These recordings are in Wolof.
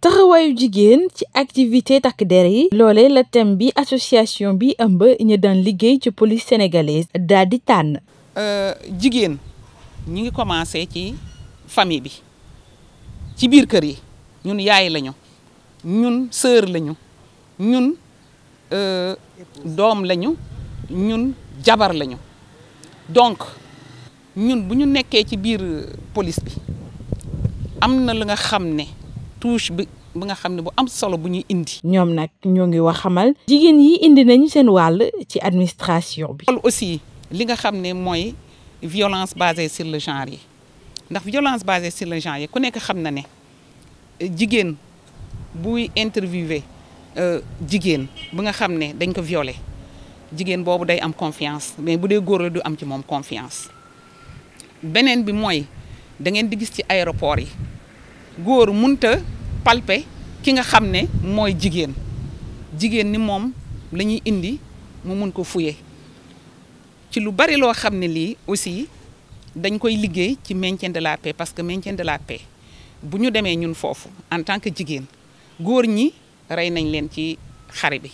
taxawaayu jigéen ci activité takk der yi loole la thème bi association bi ëmb ñu daan liggéey ci police sénégalaise daal di tànn. Euh, jigéen ñu ngi commencé ci famille bi ci biir kër yi ñun yaay lañu ñun sœur lañu ñun euh, doom lañu ñun jabar lañu donc. ñun bu ñu nekkee ci biir euh, police bi am na lu nga xam ne touche bi bu nga xam ne bu am solo bu ñuy indi. ñoom nag ñoo ngi wax xamal. jigéen yi indi nañu seen wàll ci administration bi. loolu aussi li nga xam ne mooy violence basée sur le genre yi ndax violence basée sur le genre yi ku nekk xam na ne euh, jigéen buy interviewé euh, jigéen bu nga xam ne dañ ko viole jigéen boobu day am confiance mais bu dee góor la du am ci moom confiance. beneen bi mooy da ngeen di gis ci aéroport yi góor munta palpe ki nga xam ne mooy jigéen jigéen ni moom la ñuy indi mu mun ko fuye ci lu bari loo xam ne lii aussi dañ koy liggéey ci maintien de la paix parce que maintien de la paix bu ñu demee ñun foofu en tant que jigéen góor ñi rey nañ leen ci xare bi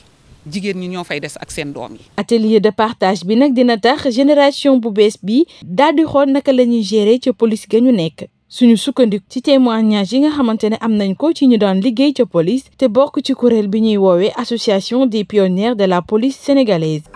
jigéen ñi ñoo fay des ak seen doom yi. de partage bi nag dina tax génération bu bees bi daal di xool naka la ñuy gérer ca police ga ñu nekk suñu sukkandiku ci témoignage yi nga xamante ne am nañ ko ci ñu daan liggéey ca police te bokk ci kuréel bi ñuy woowee association des pionnières de la police sénégalaise.